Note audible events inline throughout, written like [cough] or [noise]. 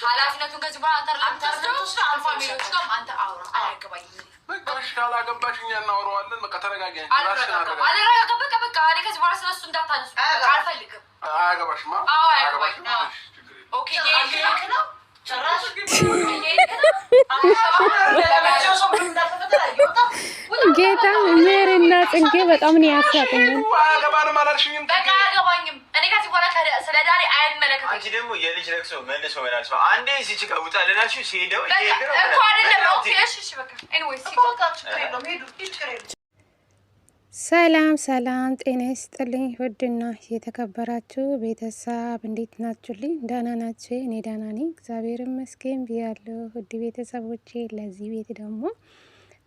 ኃላፊነቱን ከዚህ በኋላ አንተ አንተ አውራ አያገባኝም። ካላገባሽ እኛ በቃ በቃ በቃ እኔ ከዚህ በኋላ ስለሱ እንዳታነሱ አልፈልግም። አያገባሽማ። አዎ ኦኬ ጌታ ሜሪና ጽጌ በጣም ነው አያገባንም አላልሽኝም? በቃ አያገባኝም ሆነ ስለ አንቺ ደግሞ የልጅ ለቅሶ መልሶ መላልስ አንዴ ሰላም ሰላም፣ ጤና ይስጥልኝ ውድና የተከበራችሁ ቤተሰብ እንዴት ናችሁልኝ? ደህና ናችሁ? እኔ ደህና ነኝ፣ እግዚአብሔር ይመስገን ብያለሁ። ውድ ቤተሰቦቼ ለዚህ ቤት ደግሞ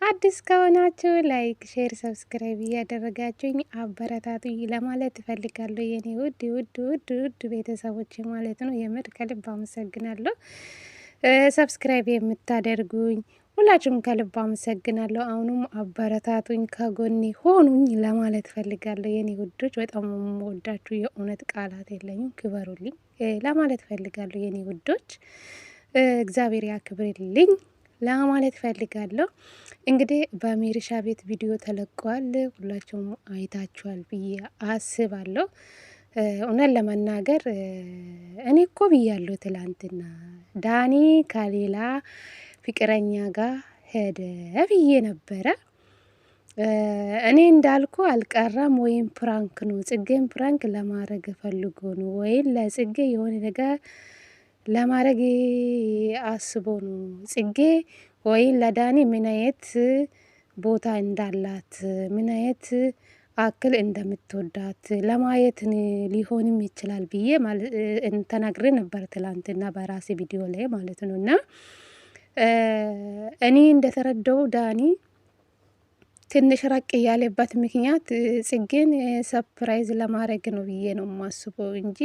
አዲስ ከሆናችሁ ላይክ፣ ሼር፣ ሰብስክራይብ እያደረጋችሁኝ አበረታቱኝ ለማለት እፈልጋለሁ። የኔ ውድ ውድ ውድ ውድ ቤተሰቦች ማለት ነው። የምር ከልብ አመሰግናለሁ። ሰብስክራይብ የምታደርጉኝ ሁላችሁም ከልብ አመሰግናለሁ። አሁኑም አበረታቱኝ፣ ከጎኔ ሆኑኝ ለማለት እፈልጋለሁ። የኔ ውዶች በጣም ወዳችሁ የእውነት ቃላት የለኝም፣ ክበሩልኝ ለማለት እፈልጋለሁ። የኔ ውዶች እግዚአብሔር ያክብርልኝ። ለማለት ፈልጋለሁ። እንግዲህ በሜሪሻ ቤት ቪዲዮ ተለቀዋል፣ ሁላችሁም አይታችኋል ብዬ አስባለሁ። እውነት ለመናገር እኔ እኮ ብያለሁ ትላንትና ዳኒ ከሌላ ፍቅረኛ ጋር ሄደ ብዬ ነበረ። እኔ እንዳልኩ አልቀረም ወይም ፕራንክ ነው፣ ጽጌን ፕራንክ ለማድረግ ፈልጎ ነው ወይም ለጽጌ የሆነ ነገር ለማድረግ አስቦ ነው። ጽጌ ወይ ለዳኒ ምን አይነት ቦታ እንዳላት ምን አይነት አክል እንደምትወዳት ለማየት ሊሆንም ይችላል ብዬ ተናግሬ ነበር፣ ትላንትና በራሴ ቪዲዮ ላይ ማለት ነው። እና እኔ እንደተረዳው ዳኒ ትንሽ ራቅ ያለበት ምክንያት ጽጌን ሰፕራይዝ ለማድረግ ነው ብዬ ነው የማስበው እንጂ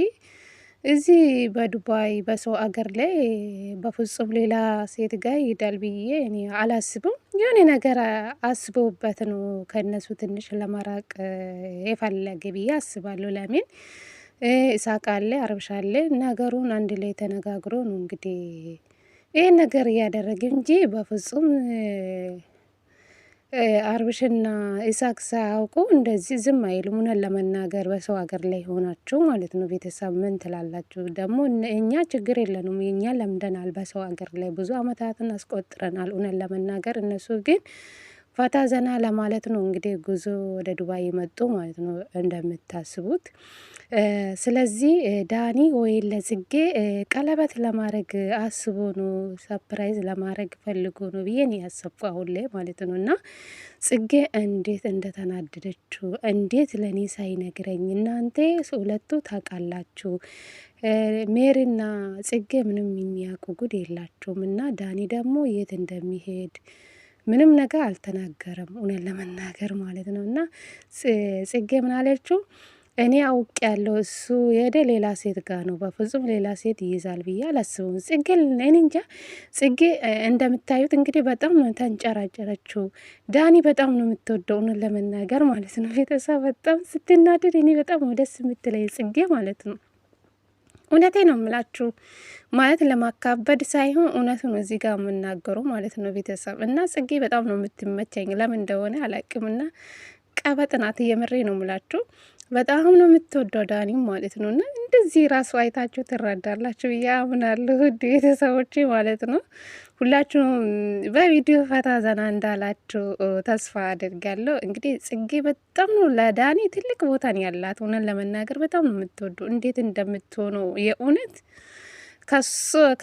እዚህ በዱባይ በሰው አገር ላይ በፍጹም ሌላ ሴት ጋር ይሄዳል ብዬ እኔ አላስብም። የሆነ ነገር አስበውበት ነው ከእነሱ ትንሽ ለማራቅ የፈለገ ብዬ አስባለሁ። ለምን እሳቅ አለ አርብሻ አለ ነገሩን አንድ ላይ ተነጋግሮ ነው እንግዲህ ይህን ነገር እያደረገ እንጂ በፍጹም አርብሽና ኢሳቅ ሳያውቁ እንደዚህ ዝም አይሉም። እውነት ለመናገር በሰው ሀገር ላይ ሆናችሁ ማለት ነው ቤተሰብ ምን ትላላችሁ? ደግሞ እኛ ችግር የለንም፣ እኛ ለምደናል። በሰው ሀገር ላይ ብዙ አመታትን አስቆጥረናል። እውነት ለመናገር እነሱ ግን ፈታ ዘና ለማለት ነው እንግዲህ ጉዞ ወደ ዱባይ መጡ ማለት ነው እንደምታስቡት። ስለዚህ ዳኒ ወይ ለጽጌ ቀለበት ለማድረግ አስቦ ነው ሰፕራይዝ ለማድረግ ፈልጎ ነው ብዬን ያሰብኩ አሁን ላይ ማለት ነው። እና ጽጌ እንዴት እንደተናደደችው እንዴት ለእኔ ሳይነግረኝ እናንተ ሁለቱ ታውቃላችሁ ሜሪና ጽጌ ምንም የሚያውቁ ጉድ የላቸውም እና ዳኒ ደግሞ የት እንደሚሄድ ምንም ነገር አልተናገረም እውነት ለመናገር ማለት ነው። እና ጽጌ ምን አለችው? እኔ አውቅ ያለው እሱ የሄደ ሌላ ሴት ጋር ነው። በፍጹም ሌላ ሴት ይይዛል ብዬ አላስብም። ጽጌ እኔ እንጃ። ጽጌ እንደምታዩት እንግዲህ በጣም ነው ተንጨራጨረችው። ዳኒ በጣም ነው የምትወደው እውነት ለመናገር ማለት ነው። ቤተሰብ በጣም ስትናደድ እኔ በጣም ደስ የምትለኝ ጽጌ ማለት ነው። እውነቴ ነው የምላችሁ ማለት ለማካበድ ሳይሆን እውነቱን እዚህ ጋር የምናገሩ ማለት ነው ቤተሰብ እና ጽጌ በጣም ነው የምትመቸኝ ለምን እንደሆነ አላቅምና ቀበጥናት እየምሬ ነው የምላችሁ በጣም ነው የምትወደው ዳኒም ማለት ነው። እና እንደዚህ ራሱ አይታችሁ ትረዳላችሁ ብዬ አምናለሁ፣ ውድ ቤተሰቦች ማለት ነው። ሁላችሁም በቪዲዮ ፈታ ዘና እንዳላችሁ ተስፋ አድርጋለሁ። እንግዲህ ጽጌ በጣም ነው ለዳኒ ትልቅ ቦታን ያላት ሆነን ለመናገር በጣም ነው የምትወዱ እንዴት እንደምትሆኑ የእውነት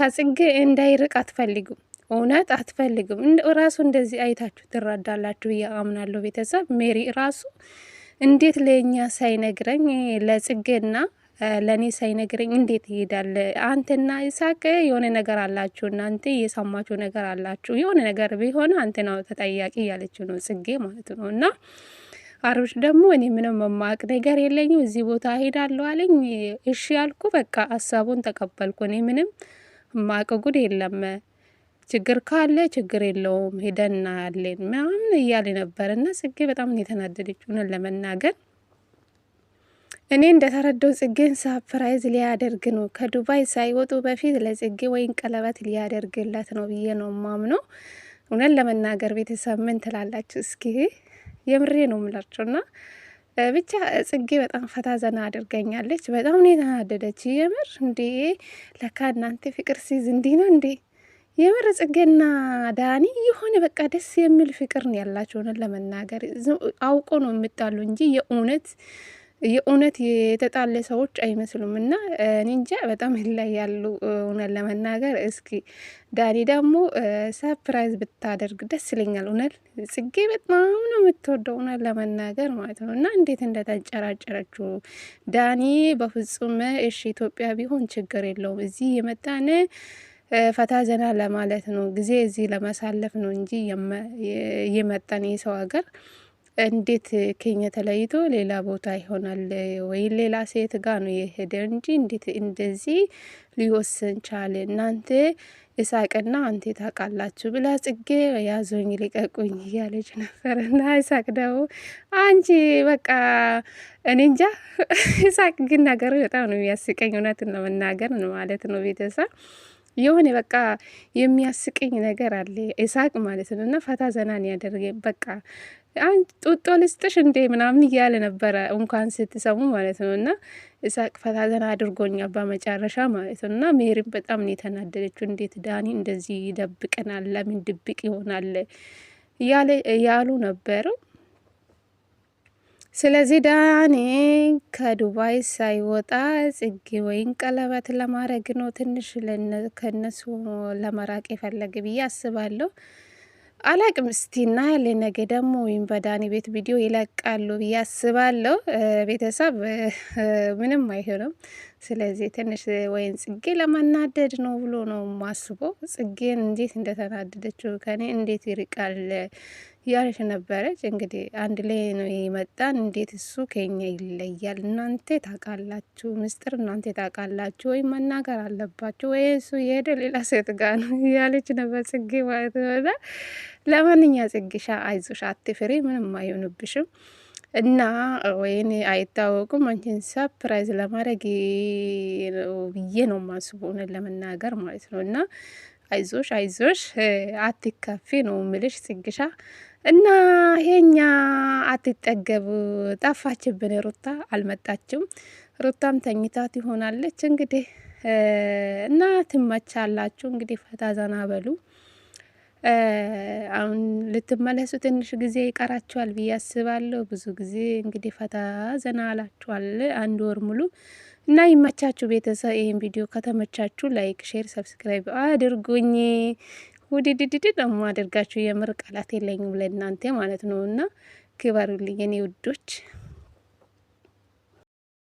ከጽጌ እንዳይርቅ አትፈልጉም። እውነት አትፈልግም። ራሱ እንደዚህ አይታችሁ ትረዳላችሁ ብዬ አምናለሁ ቤተሰብ ሜሪ ራሱ እንዴት ለእኛ ሳይነግረኝ ለጽጌና ለእኔ ሳይነግረኝ እንዴት ይሄዳል? አንተና ይሳቅ የሆነ ነገር አላችሁ፣ እናንተ የሰማችሁ ነገር አላችሁ። የሆነ ነገር ቢሆን አንተ ነው ተጠያቂ እያለችው ነው ጽጌ ማለት ነው እና አብርሽ ደግሞ እኔ ምንም መማቅ ነገር የለኝም እዚህ ቦታ ሄዳለሁ አለኝ። እሺ ያልኩ በቃ ሀሳቡን ተቀበልኩ። እኔ ምንም ማቅ ጉድ የለም ችግር ካለ ችግር የለውም ሄደን እናያለን ምናምን እያለ ነበር እና ጽጌ በጣም ነው የተናደደች ሆነን ለመናገር እኔ እንደተረዳው ጽጌን ሳፕራይዝ ሊያደርግ ነው። ከዱባይ ሳይወጡ በፊት ለጽጌ ወይን ቀለበት ሊያደርግለት ነው ብዬ ነው ማምኖ። እውነት ለመናገር ቤተሰብ ምን ትላላችሁ? እስኪ የምሬ ነው የምላችሁ እና ብቻ ጽጌ በጣም ፈታ ዘና አድርገኛለች። በጣም ነው የተናደደች። የምር እንዴ ለካ እናንተ ፍቅር ሲዝ እንዲህ ነው እንዴ የምር ጽጌና ዳኒ የሆነ በቃ ደስ የሚል ፍቅር ነው ያላቸው። ሆነን ለመናገር አውቆ ነው የምጣሉ እንጂ የእውነት የእውነት የተጣለ ሰዎች አይመስሉም። እና ኒንጃ በጣም ላይ ያሉ እውነት ለመናገር እስኪ ዳኒ ደግሞ ሰርፕራይዝ ብታደርግ ደስ ይለኛል። እውነት ጽጌ በጣም ነው የምትወደው እውነት ለመናገር ማለት ነው። እና እንዴት እንደተንጨራጨረችው ዳኒ በፍጹም እሺ፣ ኢትዮጵያ ቢሆን ችግር የለውም እዚህ የመጣነ ፈታ ዘና ለማለት ነው፣ ጊዜ እዚህ ለማሳለፍ ነው እንጂ የመጣን የሰው ሀገር እንዴት ከኛ ተለይቶ ሌላ ቦታ ይሆናል ወይ? ሌላ ሴት ጋ ነው የሄደ እንጂ እንዴት እንደዚህ ሊወስን ቻለ? እናንተ እሳቅና አንተ ታውቃላችሁ ብላ ጽጌ ያዞኝ ሊቀቁኝ እያለች ነበርና እሳቅ ደው አንቺ በቃ እኔ እንጃ። ይሳቅ [laughs] ግን ነገሩ በጣም ነው የሚያስቀኝ እውነትን ለመናገር ማለት ነው ቤተሰብ የሆነ በቃ የሚያስቀኝ ነገር አለ እሳቅ ማለት ነው። እና ፈታ ዘናን ያደርገ በቃ ጡጦ ልስጥሽ እንዴ ምናምን እያለ ነበረ እንኳን ስትሰሙ ማለት ነው። እና እሳቅ ፈታ ዘና አድርጎኛል በመጨረሻ ማለት ነው። እና ሜሪም በጣም ነው የተናደደችው። እንዴት ዳኒ እንደዚህ ይደብቀናል? ለምን ድብቅ ይሆናል? ያሉ ነበረው ስለዚህ ዳኒ ከዱባይ ሳይወጣ ጽጌ ወይን ቀለበት ለማድረግ ነው ትንሽ ከነሱ ለመራቅ የፈለገ ብዬ አስባለሁ። አላቅም እስቲ እናያለን። ነገ ደግሞ ወይም በዳኒ ቤት ቪዲዮ ይለቃሉ ብዬ አስባለሁ። ቤተሰብ ምንም አይሆንም። ስለዚህ ትንሽ ወይን ጽጌ ለማናደድ ነው ብሎ ነው ማስቦ ጽጌን እንዴት እንደተናደደችው ከኔ እንዴት ይርቃል ያለች ነበረች። እንግዲህ አንድ ላይ ነው የመጣን። እንዴት እሱ ከኛ ይለያል? እናንተ ታውቃላችሁ፣ ምስጢር እናንተ ታውቃላችሁ፣ ወይም መናገር አለባችሁ ወይ እሱ የሄደ ሌላ ሴት ጋር ነው ያለች ነበር ጽጌ ማለት ነው። ለማንኛ ጽጌሻ አይዞሽ፣ አትፍሪ፣ ምንም አይሆንብሽም። እና ወይኔ አይታወቁም። አንቺን ሰፕራይዝ ለማድረግ ብዬ ነው ማስቡ ለመናገር ማለት ነው እና አይዞሽ አይዞሽ አትካፊ ነው ምልሽ ጽግሻ እና ይሄኛ አትጠገብ ጠፋችብን። ሩታ አልመጣችም። ሩታም ተኝታት ይሆናለች እንግዲህ እና ትመቻላችሁ እንግዲህ ፈታ ዘና በሉ። አሁን ልትመለሱ ትንሽ ጊዜ ይቀራችኋል ብዬ አስባለሁ። ብዙ ጊዜ እንግዲህ ፈታ ዘና አላችኋል አንድ ወር ሙሉ እና ይመቻችሁ ቤተሰብ። ይህን ቪዲዮ ከተመቻችሁ ላይክ፣ ሼር፣ ሰብስክራይብ አድርጉኝ። ውድድድድ ደግሞ አድርጋችሁ የምር ቃላት የለኝም ለእናንተ ማለት ነው እና ክበሩልኝ የኔ ውዶች።